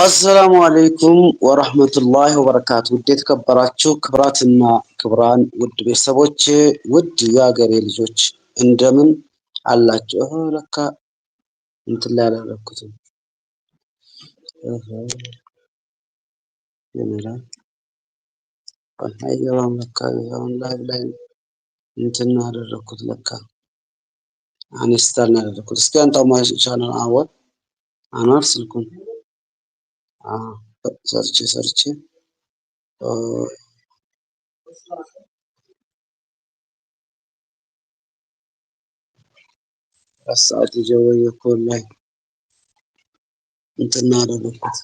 አሰላሙ አሌይኩም ወራህመቱላሂ ወበረካቱ። ውድ የተከበራችሁ ክብራትና ክብራን ውድ ቤተሰቦች፣ ውድ የሀገሬ ልጆች እንደምን አላችሁ? ለካ እንትን ላይ አላረኩትም። አይገባም ለካ አሁን ላይ ላይ እንትን ነው ለካ አኔስታል ነው ያደረኩት። እስኪ አንጣማ ቻናል አወር አኗር ስልኩን ሰርቼ ሰርቼ አራት ሰዓት የጀወይ ኮል ላይ እንትና አደረኩት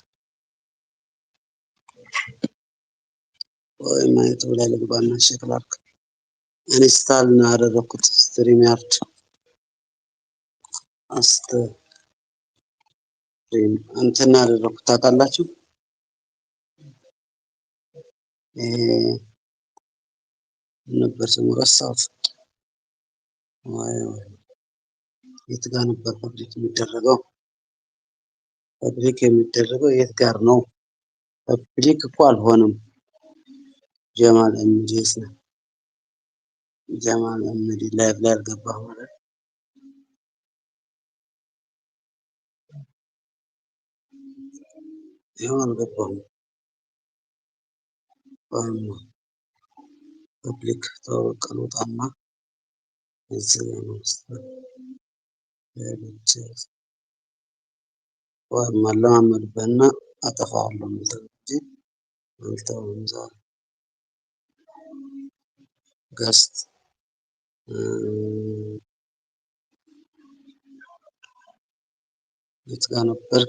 ወይ ማየት ብላ ልግባና ሸክላርክ ኢንስታል አደረኩት ስትሪም ያርድ አስተ እንትና አደረኩት ታውቃላችሁ። ነበር ስሙ ረሳሁት። የት ጋር ነበር ፐብሊክ የሚደረገው? ፐብሊክ የሚደረገው የት ጋር ነው? ፐብሊክ እኮ አልሆነም። ጀማል ነው። ጀማል እምዲ ላይቭ ላይ አልገባህ ማለት ነው። ይኸው አልገባሁም። በአማ ፐብሊክ ተበቀሉ ጣማ እዚህ ለማስተር ለልጅ ወይም አለማመድበትና አጠፋዋለሁ ሚል እንጂ አልተውም። ዛሬ ገስት የት ጋ ነበር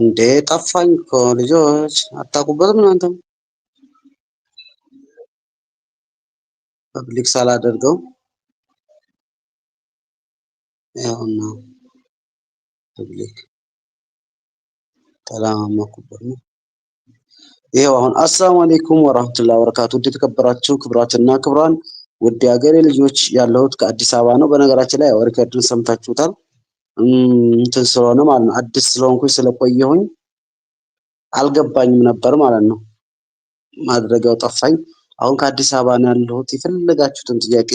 እንዴ ጠፋኝ እኮ ልጆች፣ አታውቁበትም እናንተም። ፐብሊክ ሳላደርገው ያውና ፐብሊክ ተለማመኩበት ነው። ይሄው አሁን አሰላሙ አለይኩም ወራህመቱላሂ ወበረካቱ። ውድ የተከበራችሁ ክብራትና ክብራን ውድ የሀገሬ ልጆች ያለሁት ከአዲስ አበባ ነው። በነገራችን ላይ ሪከርድን ሰምታችሁታል። እንትን ስለሆነ ማለት ነው። አዲስ ስለሆንኩኝ ስለቆየሁኝ አልገባኝም ነበር ማለት ነው። ማድረጊያው ጠፋኝ። አሁን ከአዲስ አበባ ነው ያለሁት። የፈለጋችሁትን ጥያቄ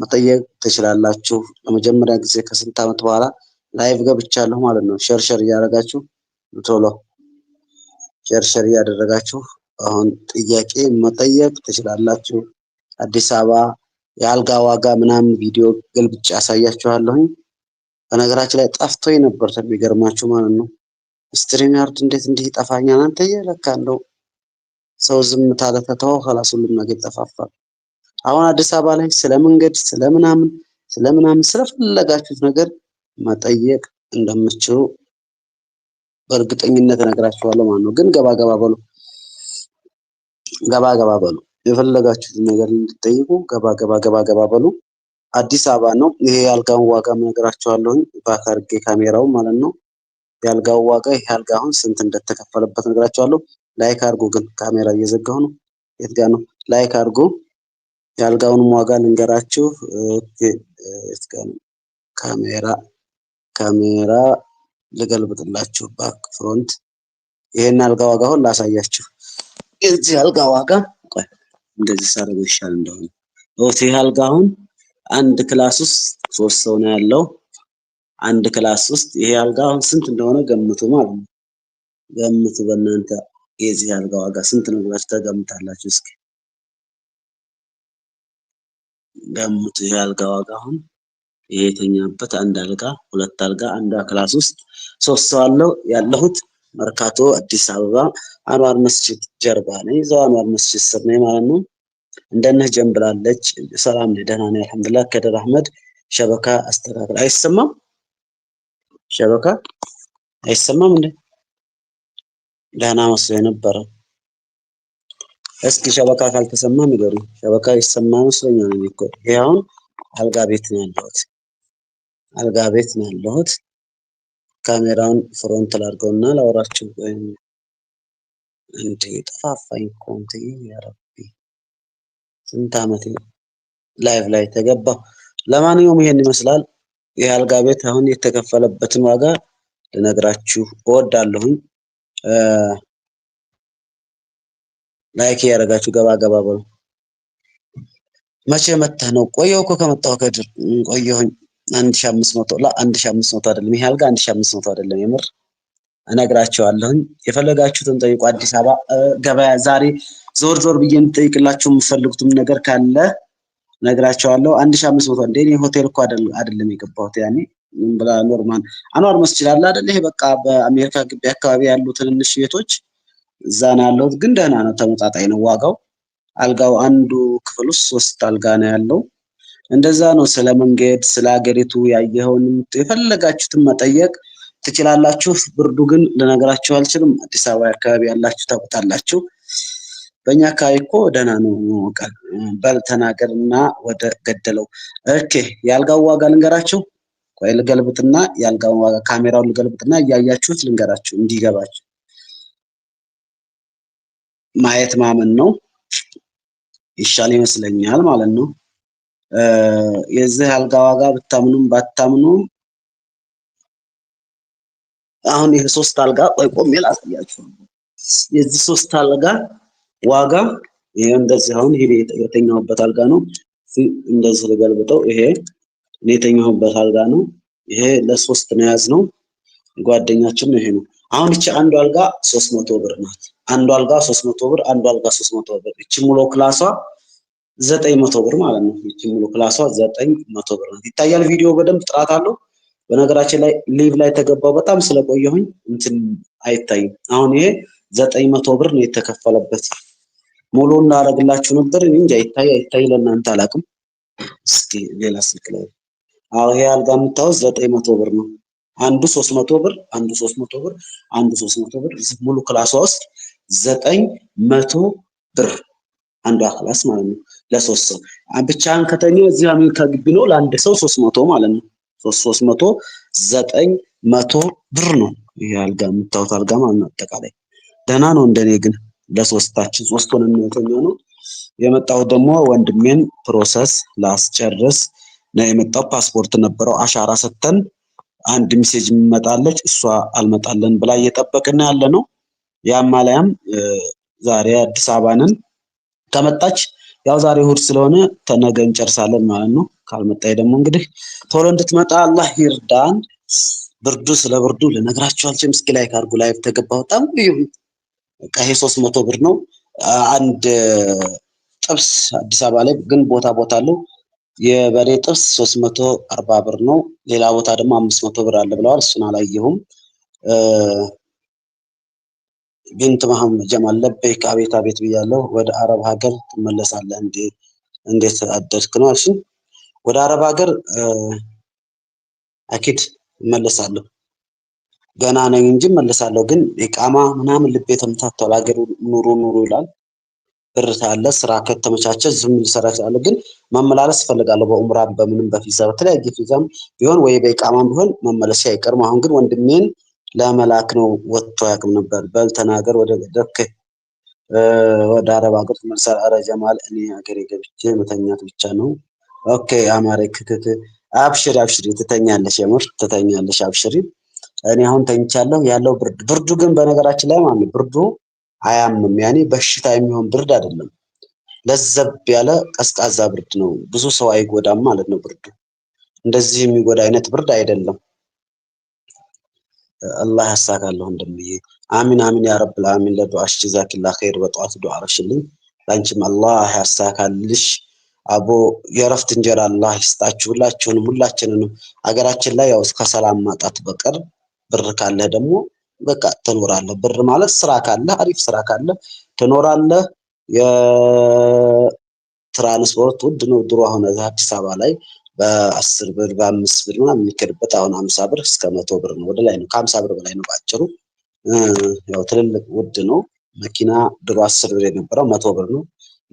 መጠየቅ ትችላላችሁ። ለመጀመሪያ ጊዜ ከስንት ዓመት በኋላ ላይቭ ገብቻለሁ ማለት ነው። ሸርሸር እያደረጋችሁ ቶሎ ሸርሸር እያደረጋችሁ አሁን ጥያቄ መጠየቅ ትችላላችሁ። አዲስ አበባ የአልጋ ዋጋ ምናምን ቪዲዮ ገልብጬ አሳያችኋለሁኝ። በነገራችን ላይ ጠፍቶኝ ነበር የሚገርማችሁ ማለት ነው። ስትሪም ያርድ እንዴት እንዲህ ይጠፋኛል? አንተዬ ለካ እንደው ሰው ዝምታ ለተተወው ከላስ ሁሉም ነገር ይጠፋፋል። አሁን አዲስ አበባ ላይ ስለ መንገድ ስለ ምናምን ስለምናምን ስለምናምን ስለፈለጋችሁት ነገር መጠየቅ እንደምችሉ በእርግጠኝነት እነግራችኋለሁ ማለት ነው። ግን ገባ ገባ በሉ ገባ ገባ በሉ የፈለጋችሁትን ነገር እንድትጠይቁ ገባ ገባ ገባ ገባ በሉ። አዲስ አበባ ነው። ይሄ የአልጋውን ዋጋ እነግራችኋለሁኝ ባክ አድርጌ ካሜራው ማለት ነው። የአልጋው ዋጋ ይሄ አልጋ አሁን ስንት እንደተከፈለበት እነግራችኋለሁ። ላይክ አድርጎ ግን ካሜራ እየዘጋሁ ነው። የት ጋር ነው? ላይክ አድርጎ የአልጋውንም ዋጋ ልንገራችሁ። የት ጋር ነው? ካሜራ ካሜራ ልገልብጥላችሁ። ባክ ፍሮንት። ይሄን አልጋ ዋጋ አሁን ላሳያችሁ። የዚህ አልጋ ዋጋ እንደዚህ ሳደርገው ይሻል እንደሆነ ይሄ አልጋ አሁን አንድ ክላስ ውስጥ ሶስት ሰው ነው ያለው። አንድ ክላስ ውስጥ ይሄ አልጋ አሁን ስንት እንደሆነ ገምቱ ማለት ነው። ገምቱ በእናንተ የዚህ አልጋ ዋጋ ስንት ነው ብላችሁ ተገምታላችሁ። እስኪ ገምቱ። ይሄ አልጋ ዋጋ አሁን ይሄ የተኛበት አንድ አልጋ ሁለት አልጋ አንዷ ክላስ ውስጥ ሶስት ሰው አለው። ያለሁት መርካቶ አዲስ አበባ አንዋር መስጂድ ጀርባ ነኝ። እዛው አንዋር መስጂድ ስር ነኝ ማለት ነው። እንደነህ ጀምብላለች። ሰላም ነኝ፣ ደህና ነኝ አልሐምዱሊላህ። ከደር አህመድ ሸበካ አስተካክል። አይሰማም? ሸበካ አይሰማም እንዴ? ደህና መስሎ የነበረ እስኪ ሸበካ ካልተሰማ ንገሩ። ሸበካ ይሰማ መስሎኛል እኮ። ይሄ አሁን አልጋ ቤት ነው ያለሁት፣ አልጋ ቤት ነው ያለሁት። ካሜራውን ፍሮንት ላድርገውና ላውራችሁ። ወይም እንዴ ጠፋፋኝ ኮንት ያረብ ስንት አመቴ ላይቭ ላይ ተገባሁ። ለማንኛውም ይሄን ይመስላል አልጋ ቤት አሁን የተከፈለበትን ዋጋ ልነግራችሁ እወዳለሁኝ። ላይክ እያደረጋችሁ ገባ ገባ በሉ። መቼ መተህ ነው? ቆየሁ እኮ ከመጣሁ ከድር ቆየሁኝ። አንድ ሺ አምስት መቶ ላ አንድ ሺ አምስት መቶ አይደለም ይሄ አልጋ አንድ ሺ አምስት መቶ አይደለም። የምር እነግራቸዋለሁኝ። የፈለጋችሁትን ጠይቁ። አዲስ አበባ ገበያ ዛሬ ዞር ዞር ብዬ እንድጠይቅላችሁ የምፈልጉትም ነገር ካለ ነግራቸዋለሁ። አንድ ሺ አምስት መቶ እንዴ እኔ ሆቴል እኮ አይደለም የገባሁት ያኔ ምን ብላ ኖርማል አኗር መስ ይችላል አይደል? ይሄ በቃ በአሜሪካ ግቢ አካባቢ ያሉ ትንንሽ ቤቶች እዛ ነው ያለሁት። ግን ደህና ነው፣ ተመጣጣኝ ነው ዋጋው። አልጋው አንዱ ክፍል ውስጥ ሶስት አልጋ ነው ያለው። እንደዛ ነው። ስለ መንገድ፣ ስለ ሀገሪቱ ያየኸውን የፈለጋችሁትን መጠየቅ ትችላላችሁ። ብርዱ ግን ልነግራችሁ አልችልም። አዲስ አበባ አካባቢ ያላችሁ ታውቁታላችሁ። በእኛ አካባቢ እኮ ደህና ነው። በል ተናገር እና ወደ ገደለው። ኦኬ የአልጋው ዋጋ ልንገራችሁ። ቆይ ልገልብጥና የአልጋውን ዋጋ ካሜራውን ልገልብጥና እያያችሁት ልንገራችሁ እንዲገባችሁ። ማየት ማመን ነው ይሻል ይመስለኛል ማለት ነው። የዚህ አልጋ ዋጋ ብታምኑም ባታምኑም አሁን ይህ ሶስት አልጋ ቆይ ቆሜ ላሳያችሁ የዚህ ሶስት አልጋ ዋጋ ይሄ እንደዚህ አሁን ይሄ የተኛሁበት አልጋ ነው። እንደዚህ ልገልብጠው። ይሄ እኔ የተኛሁበት አልጋ ነው። ይሄ ለሶስት ነው ያዝ ነው። ጓደኛችን ይሄ ነው። አሁን እቺ አንዱ አልጋ 300 ብር ናት። አንዱ አልጋ 300 ብር፣ አንዱ አልጋ 300 ብር። እቺ ሙሉ ክላሷ 900 ብር ማለት ነው። እቺ ሙሉ ክላሷ 900 ብር ናት። ይታያል። ቪዲዮ በደንብ ጥራት አለው። በነገራችን ላይ ሊቭ ላይ ተገባው በጣም ስለቆየሁኝ እንትን አይታይም። አሁን ይሄ ዘጠኝ መቶ ብር ነው የተከፈለበት። ሙሉ እናደርግላችሁ ነበር። እንጃ ይታይ አይታይ ለእናንተ አላውቅም። እስኪ ሌላ ስልክ ላይ አዎ፣ ይሄ አልጋ የምታወስ ዘጠኝ መቶ ብር ነው። አንዱ ሶስት መቶ ብር፣ አንዱ ሶስት መቶ ብር፣ አንዱ ሶስት መቶ ብር። ሙሉ ክላሷ ውስጥ ዘጠኝ መቶ ብር አንዷ ክላስ ማለት ነው። ለሶስት ሰው ብቻን ከተኛ እዚህ አሜሪካ ግቢ ነው። ለአንድ ሰው ሶስት መቶ ማለት ነው። ሶስት ሶስት መቶ ዘጠኝ መቶ ብር ነው ይሄ አልጋ የምታዩት አልጋ ማለት ነው። አጠቃላይ ደህና ነው እንደኔ ግን ለሶስታችን ሶስቱን ሆነን ነው የመጣው ደግሞ ወንድሜን ፕሮሰስ ላስጨርስ ነው የመጣው። ፓስፖርት ነበረው አሻራ ሰተን አንድ ሚሴጅ የሚመጣለች እሷ አልመጣለን ብላ እየጠበቅን ያለ ነው። ያማላያም ዛሬ አዲስ አበባ ከመጣች ያው ዛሬ እሑድ ስለሆነ ተነገ እንጨርሳለን ማለት ነው። ካልመጣች ደግሞ እንግዲህ ቶሎ እንድትመጣ አላህ ይርዳን። ብርዱ ስለ ብርዱ ልነግራችሁ አልችልም። እስኪ ላይክ አድርጉ። ላይቭ ተገባሁ በጣም ቀሄ ሶስት መቶ ብር ነው። አንድ ጥብስ አዲስ አበባ ላይ ግን ቦታ ቦታ አለው። የበሬ ጥብስ ሶስት መቶ አርባ ብር ነው። ሌላ ቦታ ደግሞ አምስት መቶ ብር አለ ብለዋል። እሱን አላየሁም። ቢንት መሐመድ ጀማል ለበይክ አቤት አቤት ብያለሁ። ወደ አረብ ሀገር ትመለሳለህ እንዴ? እንዴት አደርክ ነው አልሽኝ። ወደ አረብ ሀገር አኪድ እመለሳለሁ። ገና ነኝ እንጂ እመልሳለሁ። ግን ቃማ ምናምን ልቤ ተምታቷል። ሀገር ኑሮ ኑሮ ይላል። ብር ታለ ስራ ከተመቻቸ ዝም ልሰራ ይችላለ። ግን መመላለስ እፈልጋለሁ። በኡምራም በምንም በፊዛ በተለያየ ፊዛም ቢሆን ወይ በቃማም ቢሆን መመለስ አይቀርም። አሁን ግን ወንድሜን ለመላክ ነው። ወጥቶ ያቅም ነበር። በል ተናገር፣ ወደ ደክ ወደ አረብ ሀገር ትመልሳል። አረ ጀማል፣ እኔ ሀገሬ ገብቼ መተኛት ብቻ ነው። ኦኬ አማሬ፣ ክክክ። አብሽሪ አብሽሪ፣ ትተኛለሽ። የምር ትተኛለሽ። አብሽሪ እኔ አሁን ተኝቻለሁ ያለው ብርድ ብርዱ ግን በነገራችን ላይ ማለት ብርዱ አያምም። ያኔ በሽታ የሚሆን ብርድ አይደለም። ለዘብ ያለ ቀዝቃዛ ብርድ ነው። ብዙ ሰው አይጎዳም ማለት ነው። ብርዱ እንደዚህ የሚጎዳ አይነት ብርድ አይደለም። አላህ ያሳካለሁ እንደምዬ አሚን አሚን ያ ረብል አሚን። ለዱዓሽ ጀዛኪላ ኸይር። በጠዋት ዱዓ አረግሽልኝ። ላንቺም አላህ ያሳካልሽ። አቦ የእረፍት እንጀራ አላህ ይስጣችሁ ሁላችሁንም ሁላችንንም። አገራችን ላይ ያው ከሰላም ማጣት በቀር ብር ካለ ደግሞ በቃ ትኖራለህ። ብር ማለት ስራ ካለ አሪፍ ስራ ካለ ትኖራለህ። የትራንስፖርት ውድ ነው። ድሮ አሁን አዲስ አበባ ላይ በአስር ብር በአምስት ብር ምናምን የሚከድበት አሁን አምሳ ብር እስከ መቶ ብር ነው ወደ ላይ ነው ከአምሳ ብር በላይ ነው በአጭሩ። ያው ትልልቅ ውድ ነው። መኪና ድሮ አስር ብር የነበረው መቶ ብር ነው።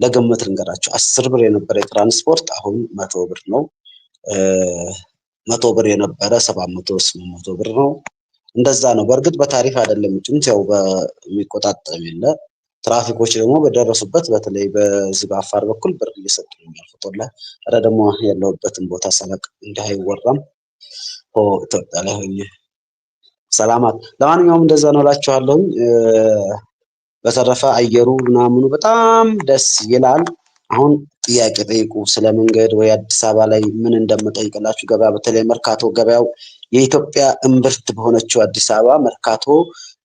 ለግምት ልንገራቸው አስር ብር የነበረ የትራንስፖርት አሁን መቶ ብር ነው። መቶ ብር የነበረ ሰባት መቶ ስምንት መቶ ብር ነው። እንደዛ ነው። በእርግጥ በታሪፍ አይደለም ጭምት ያው በሚቆጣጠር የለ ትራፊኮች ደግሞ በደረሱበት በተለይ በዚህ በአፋር በኩል ብር እየሰጡ ነው የሚያልፉት። ወላሂ ኧረ ደግሞ ያለውበትን ቦታ ሰበቅ እንዲህ አይወራም። ኢትዮጵያ ላይ ሆኜ ሰላማት። ለማንኛውም እንደዛ ነው እላችኋለሁኝ። በተረፈ አየሩ ምናምኑ በጣም ደስ ይላል። አሁን ጥያቄ ጠይቁ ስለ መንገድ ወይ አዲስ አበባ ላይ ምን እንደምጠይቅላችሁ ገበያ፣ በተለይ መርካቶ ገበያው የኢትዮጵያ እምብርት በሆነችው አዲስ አበባ መርካቶ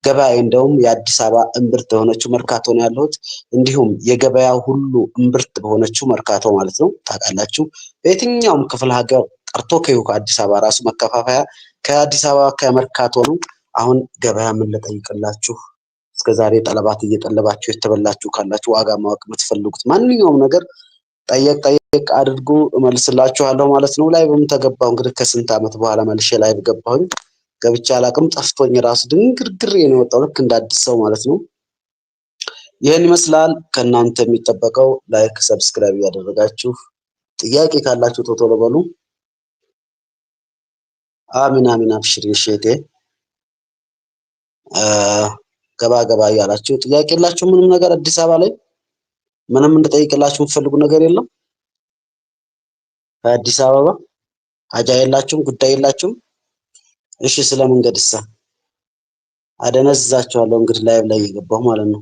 ገበያ እንደውም የአዲስ አበባ እምብርት በሆነችው መርካቶ ነው ያለሁት። እንዲሁም የገበያ ሁሉ እምብርት በሆነችው መርካቶ ማለት ነው። ታውቃላችሁ በየትኛውም ክፍለ ሀገር ጠርቶ ከይሁ ከአዲስ አበባ ራሱ መከፋፈያ ከአዲስ አበባ ከመርካቶ ነው። አሁን ገበያ ምን ልጠይቅላችሁ? እስከ ዛሬ ጠለባት እየጠለባችሁ የተበላችሁ ካላችሁ ዋጋ ማወቅ የምትፈልጉት ማንኛውም ነገር ጠየቅ ጠየቅ ቼክ አድርጉ እመልስላችኋለሁ ማለት ነው። ላይቭም ተገባሁ እንግዲህ ከስንት ዓመት በኋላ መልሼ ላይቭ ገባሁኝ። ገብቼ አላቅም ጠፍቶኝ ራሱ ድንግርግር ነው የወጣው ልክ እንዳዲስ ሰው ማለት ነው። ይህን ይመስላል ከእናንተ የሚጠበቀው ላይክ፣ ሰብስክራይብ እያደረጋችሁ ጥያቄ ካላችሁ ቶቶሎ በሉ። አሚን አሚን፣ አብሽር ሼቴ ገባ ገባ እያላችሁ ጥያቄ የላችሁ ምንም ነገር አዲስ አበባ ላይ ምንም እንድጠይቅላችሁ የምትፈልጉ ነገር የለም። በአዲስ አበባ ሀጃ የላችሁም? ጉዳይ የላችሁም? እሺ ስለ መንገድ እሳ አደነዝዛችኋለሁ። እንግዲህ ላይብ ላይ እየገባሁ ማለት ነው።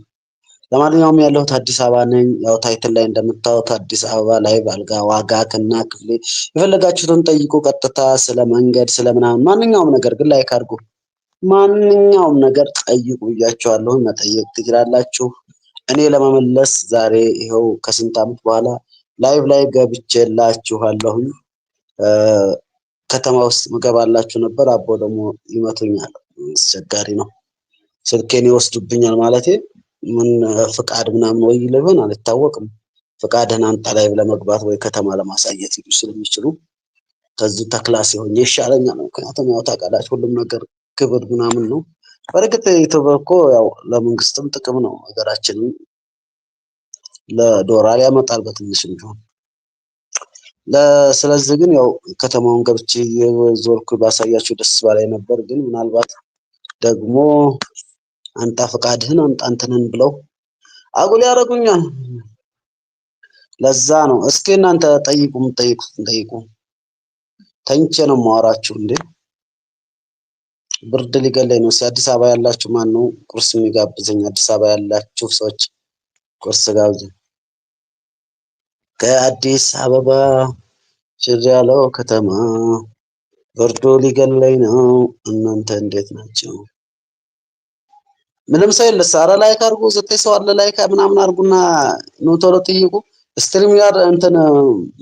ለማንኛውም ያለሁት አዲስ አበባ ነኝ። ያው ታይትል ላይ እንደምታዩት አዲስ አበባ ላይብ አልጋ ዋጋ ክና ክፍሌ የፈለጋችሁትን ጠይቁ። ቀጥታ ስለ መንገድ ስለ ምናምን ማንኛውም ነገር ግን ላይክ አድርጉ። ማንኛውም ነገር ጠይቁ ብያችኋለሁ። መጠየቅ ትችላላችሁ። እኔ ለመመለስ ዛሬ ይኸው ከስንት ዓመት በኋላ ላይቭ ላይ ገብቼላችኋለሁኝ። ከተማ ውስጥ ምገባላችሁ ነበር። አቦ ደግሞ ይመቱኛል፣ አስቸጋሪ ነው። ስልኬን ይወስዱብኛል ማለት ምን ፍቃድ ምናምን ወይ ይሆን አልታወቅም። ፍቃድህን አንጣ ላይቭ ለመግባት ወይ ከተማ ለማሳየት ሊሉ ስለሚችሉ ከዚሁ ተክላስ ሆኜ ይሻለኛል። ምክንያቱም ያው ታውቃላችሁ ሁሉም ነገር ክብር ምናምን ነው። በእርግጥ ኢትዮጵያ እኮ ያው ለመንግስትም ጥቅም ነው ሀገራችንም ለዶራ ያመጣል በትንሽ ቢሆን። ስለዚህ ግን ያው ከተማውን ገብቼ የዞርኩ ባሳያችሁ ደስ ባላይ ነበር፣ ግን ምናልባት ደግሞ አንጣ ፈቃድህን አምጣ እንትንን ብለው አጉል ያደረጉኛል። ለዛ ነው እስኪ እናንተ ጠይቁ፣ የምጠይቁት ጠይቁ። ተኝቼ ነው የማወራችሁ እንዴ ብርድ ሊገለኝ ነው። እስኪ አዲስ አበባ ያላችሁ ማን ነው ቁርስ የሚጋብዘኝ? አዲስ አበባ ያላችሁ ሰዎች ቁርስ ጋብዘን ከአዲስ አበባ ሽር ያለው ከተማ ብርዱ ሊገለኝ ነው። እናንተ እንዴት ናቸው? ምንም ሰው የለሳ። ኧረ ላይክ አርጉ። ዘጠኝ ሰው አለ ላይክ ምናምን አርጉና ነው ቶሎ ጥይቁ። ስትሪም ያር እንትን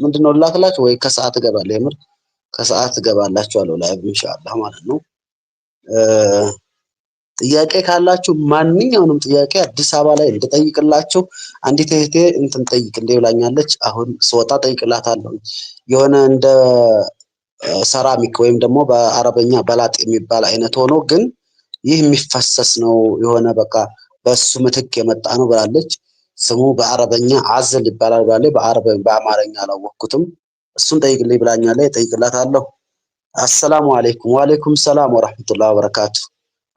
ምንድነው ላክላችሁ ወይ ከሰዓት እገባለሁ። የምር ከሰዓት እገባላችኋለሁ ላይቭ ኢንሻአላህ ማለት ነው። ጥያቄ ካላችሁ ማንኛውንም ጥያቄ አዲስ አበባ ላይ እንድጠይቅላችሁ አንዲት እህቴ እንትን እንደ ብላኛለች። አሁን ስወጣ ጠይቅላታለሁ። የሆነ እንደ ሰራሚክ ወይም ደግሞ በአረበኛ በላጥ የሚባል አይነት ሆኖ ግን ይህ የሚፈሰስ ነው የሆነ በቃ በሱ ምትክ የመጣ ነው ብላለች። ስሙ በአረበኛ አዘል ይባላል ብላለች። በአማርኛ አላወቅኩትም። እሱን ጠይቅልኝ ብላኛለች። ጠይቅላታለሁ። አሰላሙ አሌይኩም። ዋሌይኩም ሰላም ወረሕመቱላሂ ወበረካቱ።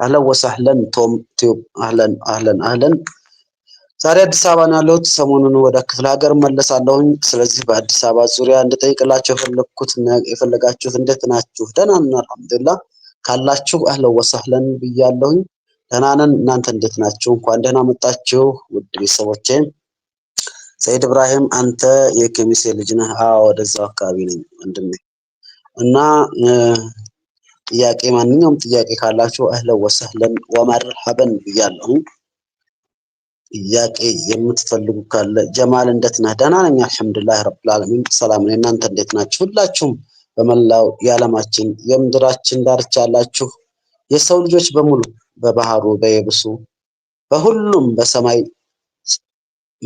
አህለን ወሳህለን ቶም ቲዩብ አህለን አህለን አህለን። ዛሬ አዲስ አበባ ነው ያለሁት። ሰሞኑን ወደ ክፍለ ሀገር መለሳለሁኝ። ስለዚህ በአዲስ አበባ ዙሪያ እንድጠይቅላቸው የፈለግኩት የፈለጋችሁት እንዴት ናችሁ? ደህና ነን ካላችሁ አህለን ወሳህለን ብያለሁኝ። ደህና ነን። እናንተ እንዴት ናችሁ? እንኳን ደህና መጣችሁ ውድ ቤተሰቦቼ። ሰይድ እብራሂም አንተ የኬሚሴ ልጅ ነህ? አዎ ወደዛው አካባቢ ነኝ ወንድሜ እና ጥያቄ ማንኛውም ጥያቄ ካላችሁ አህለን ወሰህለን ወመርሐበን ሀበን ብያለሁ። ጥያቄ የምትፈልጉ ካለ ጀማል እንደት ነህ? ደህና ነኝ አልሐምዱሊላህ ረብ ልዓለሚን ሰላም ነኝ። እናንተ እንዴት ናችሁ? ሁላችሁም በመላው የዓለማችን የምድራችን ዳርቻ ያላችሁ የሰው ልጆች በሙሉ በባህሩ፣ በየብሱ፣ በሁሉም በሰማይ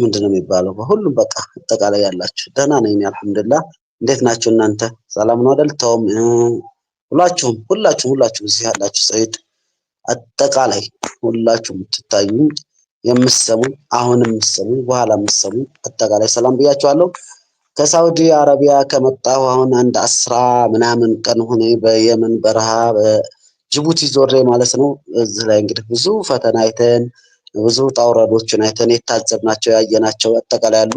ምንድን ነው የሚባለው? በሁሉም በቃ አጠቃላይ ያላችሁ ደህና ነኝ አልሐምዱሊላህ። እንዴት ናችሁ እናንተ? ሰላም ነው አይደል? ተውም ሁላችሁም ሁላችሁም ሁላችሁም እዚህ ያላችሁ ሰይድ አጠቃላይ ሁላችሁም የምትታዩ የምትሰሙኝ አሁን የምትሰሙ በኋላ የምትሰሙ አጠቃላይ ሰላም ብያችኋለሁ። ከሳውዲ አረቢያ ከመጣሁ አሁን አንድ አስራ ምናምን ቀን ሆነ። በየመን በረሃ በጅቡቲ ዞሬ ማለት ነው። እዚህ ላይ እንግዲህ ብዙ ፈተና አይተን ብዙ ጣውረዶችን አይተን የታዘብናቸው ያየናቸው አጠቃላይ አሉ።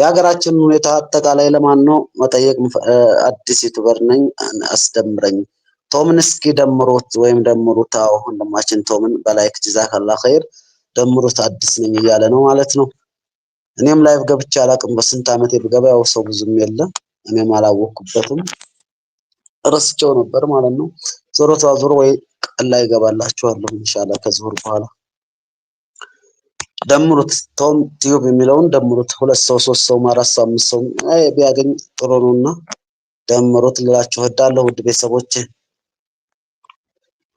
የሀገራችን ሁኔታ አጠቃላይ ለማን ነው መጠየቅ? አዲስ ዩቱበር ነኝ። አስደምረኝ ቶምን እስኪ ደምሩት ወይም ደምሩት። አዎ ወንድማችን ቶምን በላይክ ጅዛከላ ኸይር ደምሩት። አዲስ ነኝ እያለ ነው ማለት ነው። እኔም ላይቭ ገብቼ አላቅም። በስንት ዓመት ብገባ ያው ሰው ብዙም የለ እኔም አላወቅኩበትም ረስቸው ነበር ማለት ነው። ዞሮ ተዋዞሮ ወይ ቀላ ይገባላችኋለሁ እገባላችኋለሁ ኢንሻላህ ከዙሁር በኋላ ደምሩት ቶም ቲዩብ የሚለውን ደምሩት። ሁለት ሰው ሶስት ሰው አራት ሰው አምስት ሰው ቢያገኝ ጥሩ ነው እና ደምሩት ልላችሁ እወዳለሁ ውድ ቤተሰቦች።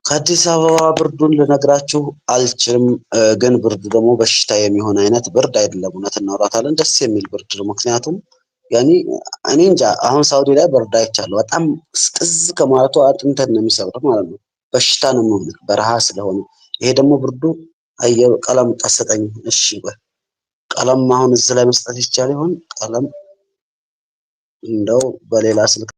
ከአዲስ አበባ ብርዱን ልነግራችሁ አልችልም፣ ግን ብርዱ ደግሞ በሽታ የሚሆን አይነት ብርድ አይደለም። እውነት እናውራታለን ደስ የሚል ብርድ ነው። ምክንያቱም ያኔ እኔ እንጃ አሁን ሳውዲ ላይ ብርድ አይቻለሁ። በጣም ስቅዝ ከማለቱ አጥንተን ነው የሚሰብር ማለት ነው። በሽታ ነው የሚሆን በረሃ ስለሆነ ይሄ ደግሞ ብርዱ አየሩ ቀለም ቀሰጠኝ። እሺ ቆይ ቀለም አሁን እዚህ ላይ መስጠት ይቻል ይሆን? ቀለም እንደው በሌላ ስልክ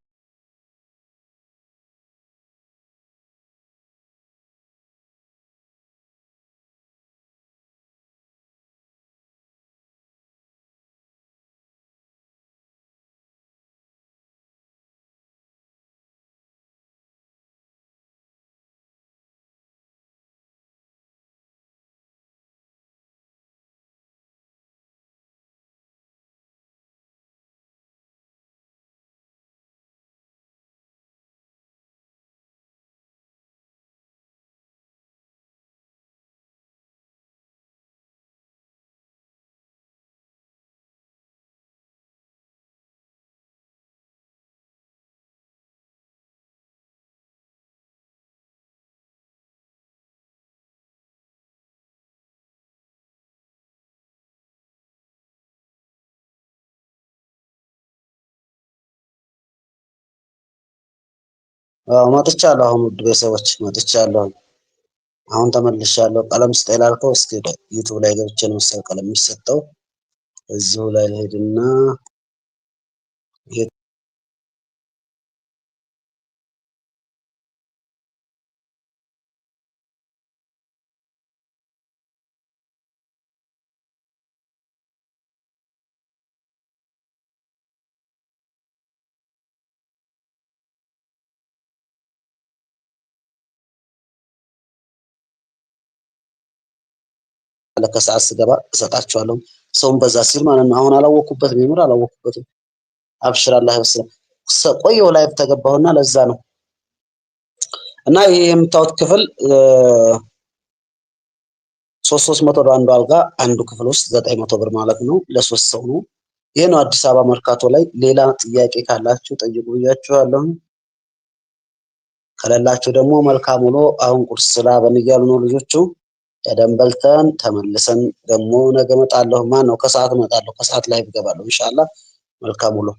መጥቻለሁ። አሁን ውድ ቤተሰቦች መጥቻለሁ። አሁን ተመልሻለሁ። ቀለም ስጠኝ ላልከው እስኪ ዩቱብ ላይ ገብቼ ነው መሰል ቀለም የሚሰጠው። እዚሁ ላይ ልሄድና ለከ ሰዓት ስገባ እሰጣቸዋለሁ። ሰውም በዛ ሲል ማለት ነው። አሁን አላወቅኩበትም፣ የምር አላወቅኩበትም። አብሽር አላህ ይወስነው። ቆየው ላይቭ ተገባሁና ለዛ ነው እና ይህ የምታዩት ክፍል ሶስት ሶስት መቶ ነው አንዱ አልጋ አንዱ ክፍል ውስጥ ዘጠኝ መቶ ብር ማለት ነው። ለሶስት ሰው ነው። ይህ ነው አዲስ አበባ መርካቶ ላይ። ሌላ ጥያቄ ካላችሁ ጠይቁ ብያችኋለሁ። ከሌላችሁ ደግሞ መልካም ውሎ። አሁን ቁርስ ስላ በን ነው ልጆቹ። ቀደም በልተን ተመልሰን ደግሞ ነገ እመጣለሁ። ማን ነው ከሰዓት እመጣለሁ፣ ከሰዓት ላይ እገባለሁ። እንሻላ መልካም ውሎ